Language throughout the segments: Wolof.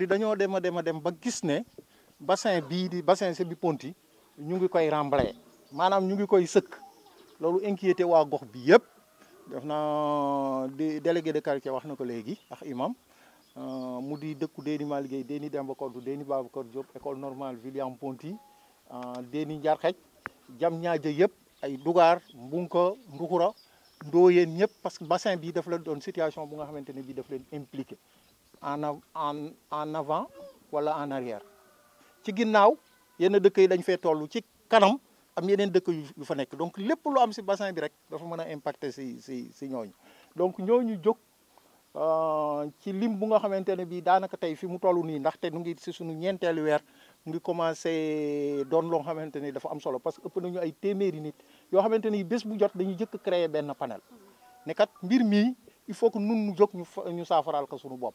di dañoo dem a dem a dem ba gis ne bassin bii di bassin Sébi Ponti ñu ngi koy remblai maanaam ñu ngi koy sëkk loolu inquiété waa gox bi yëpp def na di délégué de quartier wax na ko léegi ak imam euh, mu di dëkku Déni Malick Guèye Déni Demba Kodou Déni Babacar Diop école normale William Ponty euh, Déni Njarxej jam ñaaja yëpp ay Dugaar Mbunka Nduxura Ndooyeen ñëpp parce que bassin bi daf la doon situation bu nga xamante ne bii daf leen impliqué en en en avant wala en arrière ci ginnaw yene deuk yi dañ fee tollu ci kanam am yeneen deuk yu fa nek donc lepp lu am ci bassin bi rek dafa mën impacter si si si ñooñu donc ñooñu euh ci lim bu nga xamantene bi danaka tay fi mu toll nii ndaxte nu ngi ci suñu ñeenteelu weer ngi commencé doon lo xamantene dafa am solo parce que ëpp nañu ay téméri nit yo xamantene ni bés bu jot dañu jëk créer ben panel ne kat mbir mi il faut que nun nu jóg ñu ñu saafaraal ko suñu bop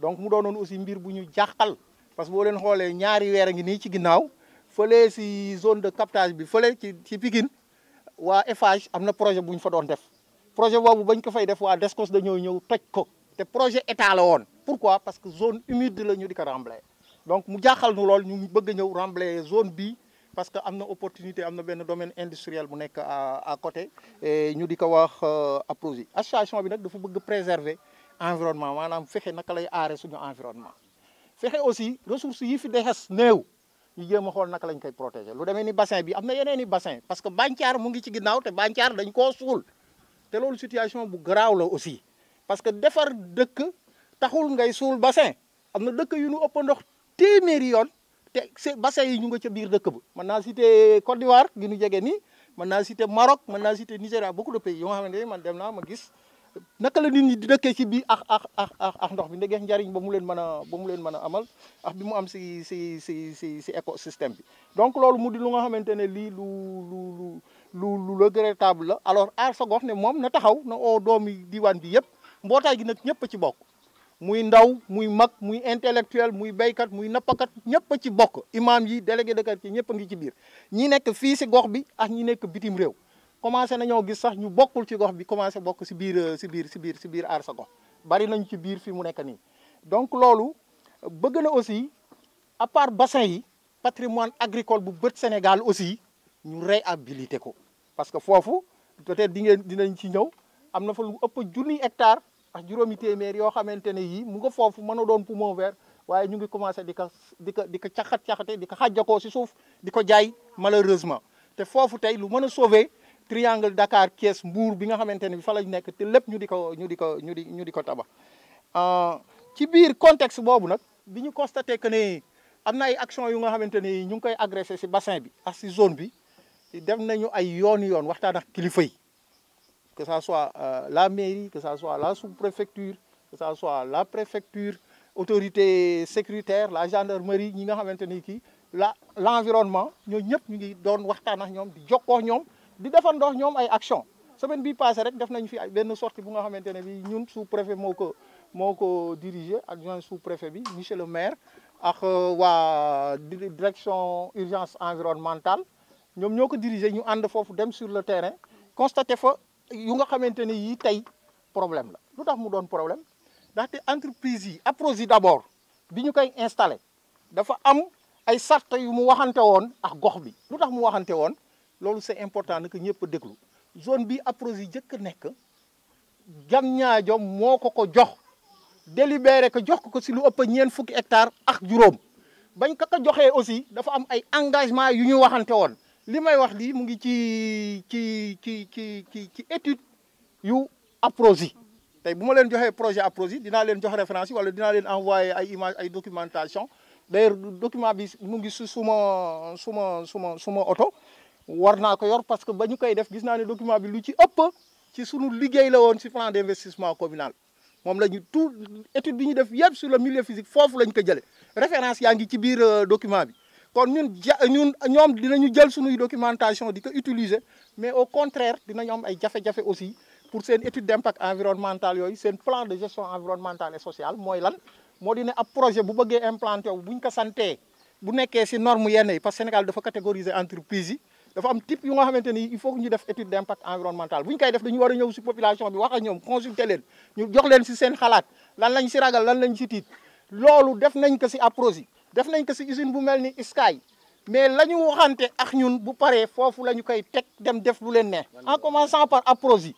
donc mu doonoon aussi mbir bu ñu jaaxal parce que boo leen xoolee ñaari weer a ngi nii ci ginnaaw fële si zone de captage bi fële ci ci Pikine waa Eiffage am na projet bu ñu fa doon def projet boobu bañ ko fay def waa Descos dañoo ñëw toj ko te projet état la woon pourquoi parce que zone humide la ñu di ko remblayer donc mu jaaxal nu lool ñu bëgg a ñëw remblayer zone bi parce que am na opportunité am na benn domaine industriel bu nekk à à côté ñu di ko wax euh, Aprosi association bi nag dafa bëgg préserver environnement maanaam fexe naka lay aare suñu environnement fexe aussi ressources yi fi dexes néew ñu jéem a xool naka lañ koy protégé lu demee ni bassin bi am na yeneen i bassin parce que Bancaar mu ngi ci ginnaaw te Bancaar dañ koo suul te loolu situation bu garaaw la aussi parce que defar dëkk taxul ngay suul bassin am na dëkk yu nu ëpp ndox te téeméeri yoon te se bassin yi ñu nga ca biir dëkk ba mën naa citer Côte d'Ivoire gi nu jege nii mën naa citer Maroc mën naa citer Nigéria beaucoup de pays yoo xam ne man dem naa ma gis naka la nit ñi di dëkkee ci bii ak ak ak ak ndox bi ndegeex njariñ ba mu leen mën a ba leen mën a amal ak bi mu am si si si si si écosystème bi donc loolu mu di lu nga xamante ne lii lu lu lu lu lu regrettable la alors aar sa gox ne moom na taxaw na oo doomi diwaan bi yëpp mbootaay gi nag ñëpp ci bokk muy ndaw muy mag muy intellectuel muy béykat muy nappakat ñëpp ci bokk imam yi délégué de quartier ñëpp a ngi ci biir ñi nekk fii si gox bi ak ñi nekk bitim réew commencé nañu gis sax commencé à faire euh, biir ci biir biir bari ci biir fi mu donc aussi à part patrimoine agricole bu Sénégal aussi ñu parce que fofu peut-être di ngeen dinañ ci ñëw amna fa lu ëpp de hectare ak juroomi témèr yo xamantene yi mu commencé malheureusement té sauver triangle Dakar Thiès Mbour bi nga xamanteni bi fa lañ nek te lepp ñu diko ñu diko ñu di ñu diko taba tabax euh, ci biir contexte bobu nak bi ñu constaté que né amna ay action yu nga xamanteni ñu ngi koy agresser ci bassin bi ak si zone bi dem nañu ay yoon yoon waxtaan ak kilifa yi que ça soit euh, la mairie que ça soit la sous-préfecture que ça soit la préfecture autorité sécuritaire la gendarmerie ñi nga xamanteni ki l'environnement ñoo ñep ñu ngi doon waxtaan ak ñom di jokkoo ñom di defandoo ñom ay action semaine bi passé rek def nañ fi ay benn sortie bu nga xamantene bi ñun sous préfet moko moko diriger ko dirigé sous préfet bi Michel le maire ak euh, waa direction urgence environnementale ñom ñoko diriger ñu and fofu dem sur le terrain constater fa yu nga xamantene yi tay problème la lutax mu doon problème ndaxte entreprise yi Aprosy d'abord bi ñu koy installé dafa am ay sarta yu mu waxante won ak gox bi lutax mu waxante won loolu c' est important que ñëpp déglu zone bi APROSI jëkk nekk jam ñaajo moo ko ko jox délibéré ko jox ko si lu ëpp ñeen fukki hectare ak juróom bañ ko ko joxee aussi dafa am ay engagement yu ñu waxante woon li may wax di mu ngi ci ci ci ci ci ci étude yu APROSI tey bu ma leen joxee projet APROSI dinaa leen jox référence yi wala dinaa leen envoyé ay image ay documentation d'ailleurs document bi mu ngi su suma suma suma suma oto war naa ko yor parce que ba ñu koy def gis naa ne document bi lu ci ëpp ci sunu liggéey la woon si plan d' investissement communal moom la ñu tout étude bi ñu def yëpp sur le milieu physique foofu la ñu ko jëlee référence yaa ngi ci biir euh, document bi kon ñun ja ñun ñoom dinañu jël sunuy documentation di ko utiliser mais au contraire dinañu am ay jafe-jafe aussi pour seen étude d' impact environnemental yooyu seen plan de gestion environnementale et sociale mooy lan moo di ne ab projet bu bëggee implanté wu bu ko santee bu nekkee si norme yenn yi parce Sénégal dafa catégoriser entreprise yi dafa am type yu nga xamante ni il faut que ñu def étude d' impact environnemental bu ñu koy def dañu war a ñëw si population bi wax ak ñoom consulter leen ñu jox leen si seen xalaat lan lañ si ragal lan lañ si tiit loolu def nañ ko si aprosi def nañ ko si usine bu mel ni Sky mais la ñu waxante ak ñun bu paree foofu la ñu koy teg dem def lu leen ne en commençant par aprosi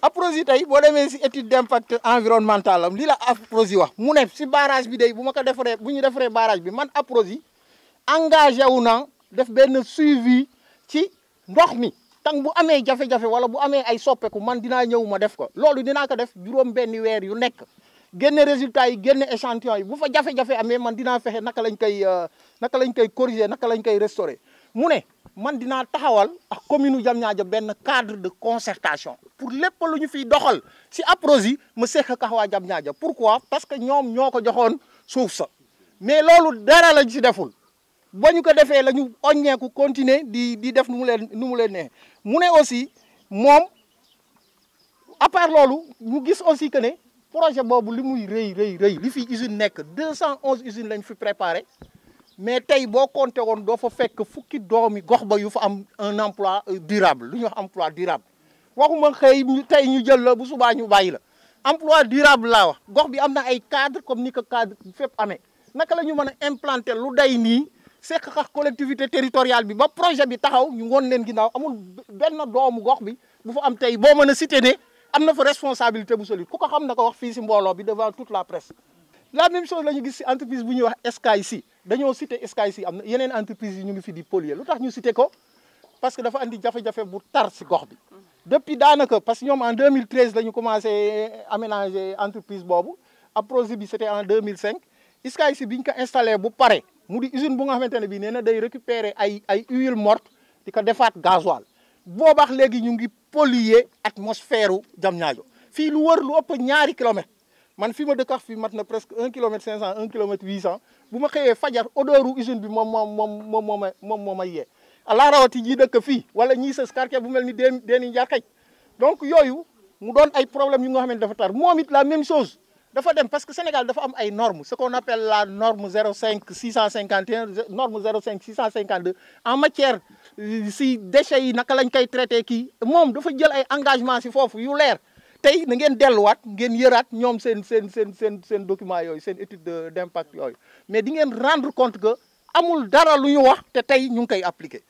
aprosi tey boo demee si étude d' impact environnemental am lii la Aprosy wax mu ne si barrage bi day bu ma ko defaree bu ñu defaree barrage bi man aprosi engagé wu na def benn suivi ci ndox mi tang bu amé jafé jafé wala bu amé ay soppeeku man dina ñëw ma def ko loolu dina ko def juroom benni weer yu nekk génné résultat yi génné échantillon yi bu fa jafé jafé amé man dina fexé naka lañ koy euh, naka lañ koy corriger naka lañ koy restaurer mu né man dina taxawal ak commune Diamniadio benn cadre de concertation pour lépp lu ñu fiy doxal si aprosi ma sékk ak waa pourquoi parce que ñom ñoko joxone souf sa mais loolu dara lañ ci deful ba ñu ko defee la ñu oññeeku continuer di di def nu mu leen nu mu leen nee mu ne aussi moom à part loolu ñu gis aussi que ne projet boobu li muy rëy rëy rëy li fi usine nekk deux cent onze usines lañ fi préparé mais tey boo compté woon doo fa fekk fukki doomi gox ba yu fa am un emploi durable lu ñuy wax emploi durable waxuma xëy tey ñu jël la bu subaa ñu bàyyi la emploi durable la wax gox bi am na ay cadre comme ni ko cadre fépp amee naka la ñu mën a implanter lu day nii seq xax collectivité territoriale bi ba projet bi taxaw ñu woon leen ginnaaw amul benn doomu gox bi bu fa am tey boo mën a cité ne am na fa responsabilité bu solide ku ko xam na ko wax fii si mbooloo bi devant toute la presse. la même chose la ñu gis si entreprise bu ñuy wax Sky si dañoo cité Sky si am na yeneen entreprise yi ñu ngi fi di polluer lu tax ñu cité ko parce que dafa andi jafe-jafe bu tar si gox bi. depuis daanaka parce que en 2013 la ñu commencé aménager entreprise boobu ab projet bi c'était en 2005 Sky si bi ñu ko installé bu pare mu usine bu nga bi néna day récupérer ay ay huile morte diko defaat gasoil bax légui ñu ngi polluer atmosphère dam a fi lu wër lu ëpp ñaari kilomètre man fi presque 1 km de 1 un kilomètre bu ma fajar odeuru usine bi mom mom mom mom rawati wala quartier bu melni donc mu ay problème yu nga dafa tar la même chose dafa dem parce que Sénégal dafa am ay normes ce qu'on appelle la norme 05 651 norme 05 652 en matière euh, si déchets yi naka lañ qui, traité kii des dafa jël ay engagements si fort, yu lèr. Tay, na ngeen delluwaat ngeen yëraat ñoom sen sen sen sen document yoy sen étude d'impact yoy mais di ngeen rendre compte que amul dara lu ñu wax té tay ñu ngi koy appliqué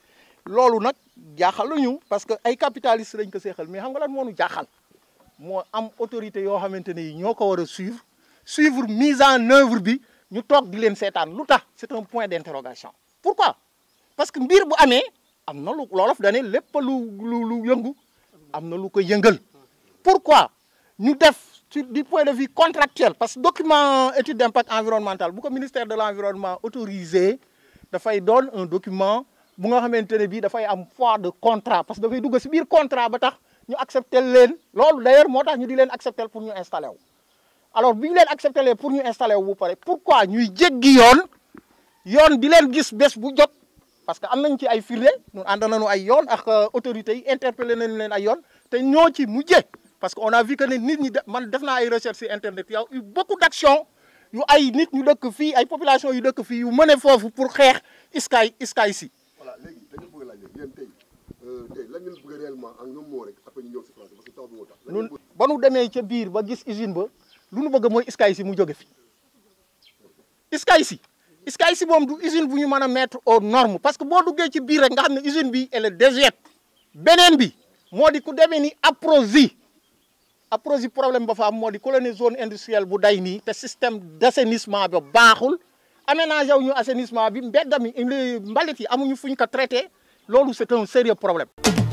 loolu nag jaaxaluñu parce que ay capitalistes lañ ko séxal mais xam nga lan moo ñu jaaxal moi, am autorité yo xamante ne wara suivre suivre mise en œuvre bi ñu toog di leen c'est un point d'interrogation pourquoi parce que mbir bu amee am na lu loolof dane lépp lu lu lu ko pourquoi Nous def du point de vue contractuel parce que document étude d'impact environnemental bu ko ministère de l'environnement autorisé dafay donne un document bu nga xamante ne bii dafay am foire de contrat parce que dafay dugg ci biir contrat nous accepter leen Lors d'ailleurs moi, nous disons di accepter pour nous installer alors bi ñu accepter pour nous installer wu bu pare pourquoi nous jéggi yoon yoon di leen gis bés bu parce que am nañ ci ay firnde ñun ànd nañu ay yoon ak euh, autorité yi interpellé nañ leen ay yoon te ñoo ci parce que on a vu que ne nit man def naa ay recherche sur internet y a eu beaucoup d'actions yu ay nit ñu dëkk fii ay population yu dëkk fii yu mëne foofu pour xeex Ici, iskaay si directement en un ñu demee ca biir ba gis usine ba lu nu bëgg mooy Sky mu jóge fi Sky si Sky si moom du usine bu ñu mën a mettre aux normes parce que boo duggee ci biir rek nga xam ne usine bi le est déserte beneen bi moo di ku demee ni Aprosi Aprosi problème ba fa am moo di colonie zone industrielle bu day nii te système d'assainissement ba baaxul aménagé wu ñu assainissement bi mbedd mi mbalit yi amuñu fu ñu ko traité loolu c'est un sérieux problème